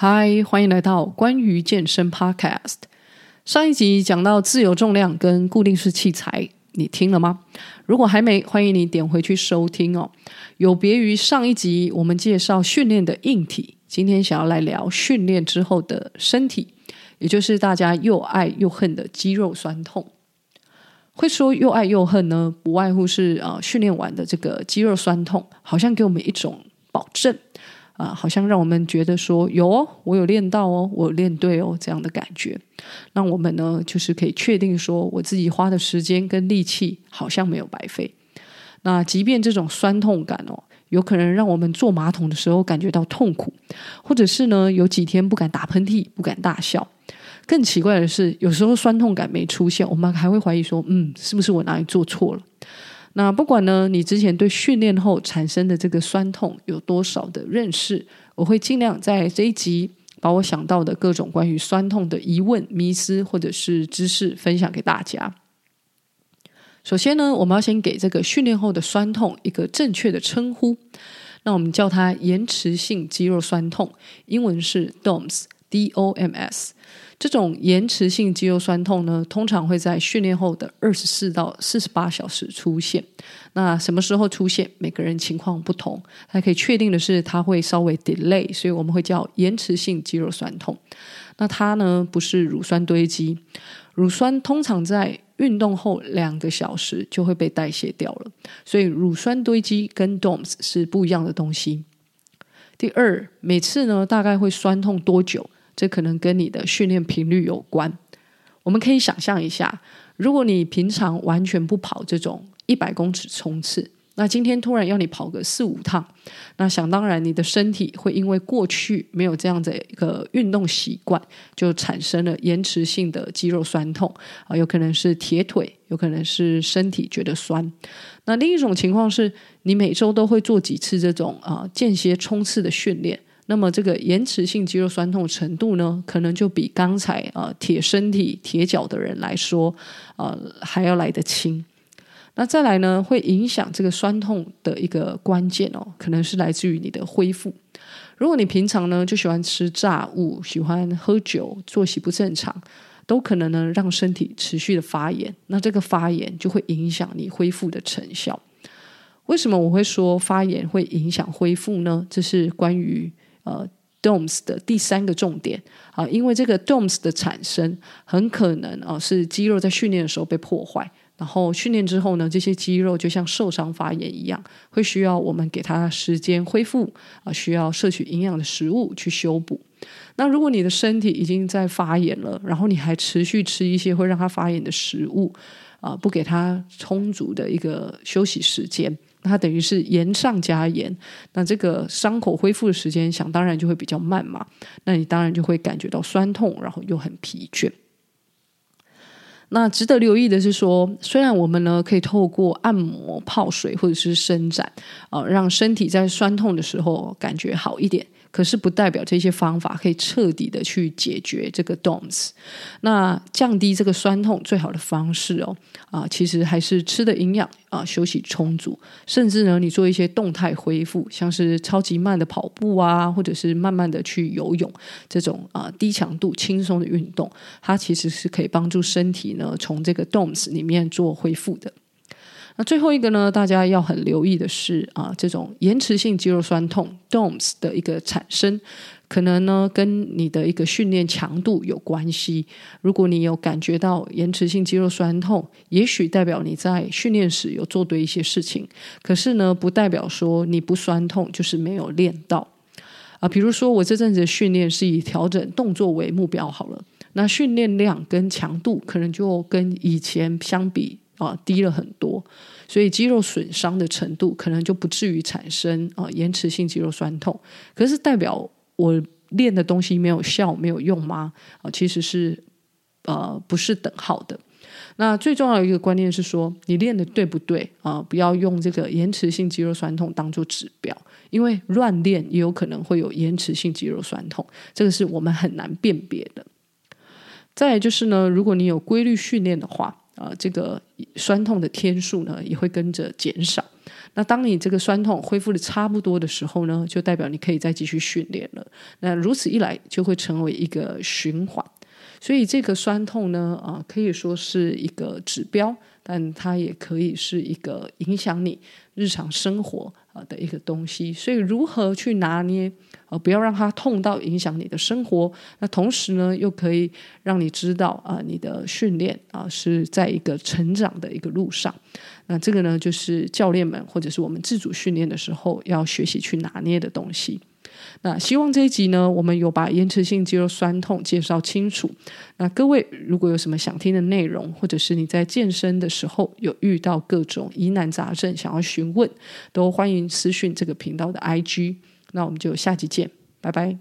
嗨，歡迎來到關於健身 Podcast。上一集講到自由重量跟固定式器材，你聽了嗎？如果還沒，歡迎你點回去收聽哦。有別於上一集我們介紹訓練的硬體，今天想要來聊訓練之後的身體，也就是大家又愛又恨的肌肉酸痛。會說又愛又恨呢，不外乎是啊、呃，訓練完的這個肌肉酸痛，好像給我們一種保證。啊，好像讓我們覺得說有哦，我有練到哦，我有練對哦，這樣的感覺，讓我們呢就是可以確定說，我自己花的時間跟力氣好像沒有白費。那即便這種痠痛感哦，有可能讓我們坐馬桶的時候感覺到痛苦，或者是呢有幾天不敢打噴嚏、不敢大笑。更奇怪的是，有時候痠痛感沒出現，我們還會懷疑說，嗯，是不是我哪裡做錯了？那不管呢，你之前對訓練後產生的這個痠痛有多少的認識，我會盡量在這一集把我想到的各種關於痠痛的疑問、迷思或者是知識分享給大家。首先呢，我們要先給這個訓練後的痠痛一個正確的稱呼，那我們叫它延遲性肌肉痠痛，英文是 DOMS。DOMS 這種延遲性肌肉痠痛呢，通常會在訓練後的二十四到四十八小時出現。那什麼時候出現？每個人情況不同。還可以確定的是，它會稍微 delay，所以我們會叫延遲性肌肉痠痛。那它呢，不是乳酸堆積。乳酸通常在運動後兩個小時就會被代謝掉了，所以乳酸堆積跟 DOMS 是不一樣的東西。第二，每次呢，大概會痠痛多久？這可能跟你的訓練頻率有關。我們可以想象一下，如果你平常完全不跑這種一百公尺衝刺，那今天突然要你跑個四五趟，那想當然你的身體會因為過去沒有這樣的一個運動習慣，就產生了延遲性的肌肉酸痛啊、呃，有可能是鐵腿，有可能是身體覺得酸。那另一種情況是你每週都會做幾次這種啊、呃、間歇衝刺的訓練。那麼這個延遲性肌肉痠痛的程度呢，可能就比剛才啊、呃、鐵身體鐵腳的人來說，呃還要來得輕。那再來呢，會影響這個痠痛的一個關鍵哦，可能是來自於你的恢復。如果你平常呢就喜歡吃炸物、喜歡喝酒、作息不正常，都可能呢讓身體持續的發炎。那這個發炎就會影響你恢復的成效。為什麼我會說發炎會影響恢復呢？這是關於。呃，DOMS 的第三個重點啊，因為這個 DOMS 的產生很可能啊是肌肉在訓練的時候被破壞，然後訓練之後呢，這些肌肉就像受傷發炎一樣，會需要我們給它時間恢復啊，需要攝取營養的食物去修補。那如果你的身體已經在發炎了，然後你還持續吃一些會讓它發炎的食物啊，不給它充足的一個休息時間。那它等於是炎上加炎，那這個傷口恢復的時間，想當然就會比較慢嘛。那你當然就會感覺到酸痛，然後又很疲倦。那值得留意的是說，雖然我們呢可以透過按摩、泡水或者是伸展，啊、呃，讓身體在痠痛的時候感覺好一點，可是不代表這些方法可以徹底的去解決這個 DOMS。那降低這個痠痛最好的方式哦，啊、呃，其實還是吃的營養啊、呃，休息充足，甚至呢，你做一些動態恢復，像是超級慢的跑步啊，或者是慢慢的去游泳這種啊、呃、低強度、輕鬆的運動，它其實是可以幫助身體呢。從這個 DOMS 裡面做恢復的。那最後一個呢，大家要很留意的是啊，這種延遲性肌肉痠痛 DOMS 的一個產生，可能呢跟你的一個訓練強度有關係。如果你有感覺到延遲性肌肉痠痛，也許代表你在訓練時有做對一些事情，可是呢，不代表說你不痠痛就是沒有練到啊。比如說，我這陣子的訓練是以調整動作為目標好了。那訓練量跟強度可能就跟以前相比啊、呃、低了很多，所以肌肉損傷的程度可能就不至於產生啊、呃、延遲性肌肉痠痛。可是代表我練的東西沒有效沒有用嗎？啊、呃，其實是呃不是等號的。那最重要的一個觀念是說，你練的對不對啊、呃？不要用這個延遲性肌肉痠痛當做指標，因為亂練也有可能會有延遲性肌肉痠痛，這個是我們很難辨別的。再就是呢，如果你有規律訓練的話，啊、呃，這個酸痛的天數呢也會跟着減少。那當你這個酸痛恢復的差不多的時候呢，就代表你可以再繼續訓練了。那如此一來就會成為一個循環。所以這個酸痛呢，啊、呃，可以說是一個指標，但它也可以是一個影響你日常生活，的一個東西，所以如何去拿捏，呃，不要讓它痛到影響你的生活。那同時呢，又可以讓你知道，啊，呃，你的訓練啊，呃，是在一個成長的一個路上，那這個呢，就是教練們或者是我們自主訓練的時候要學習去拿捏的東西。那希望這一集呢，我們有把延遲性肌肉酸痛介紹清楚。那各位如果有什麼想聽的內容，或者是你在健身的時候有遇到各種疑難雜症想要詢問，都歡迎私訊這個頻道的 IG。那我們就下集見，拜拜。